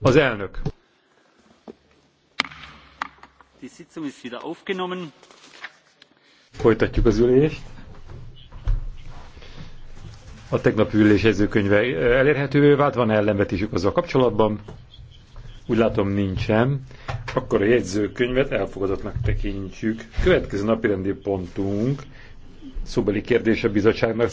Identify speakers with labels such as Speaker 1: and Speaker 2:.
Speaker 1: Az elnök. Folytatjuk az ülést. A tegnapi ülés jegyzőkönyve elérhetővé vált, van e ellenvetésük azzal kapcsolatban? Úgy látom nincsen. Akkor a jegyzőkönyvet elfogadottnak tekintjük. Következő rendi pontunk szóbeli
Speaker 2: kérdése bizottságnak